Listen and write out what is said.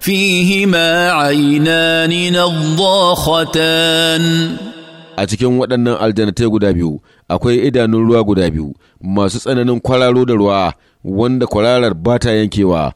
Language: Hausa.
فيهما عينان نضاختان a cikin waɗannan aljanatai guda biyu akwai idanun ruwa guda biyu masu tsananin kwararo da ruwa wanda kwararar ba ta yankewa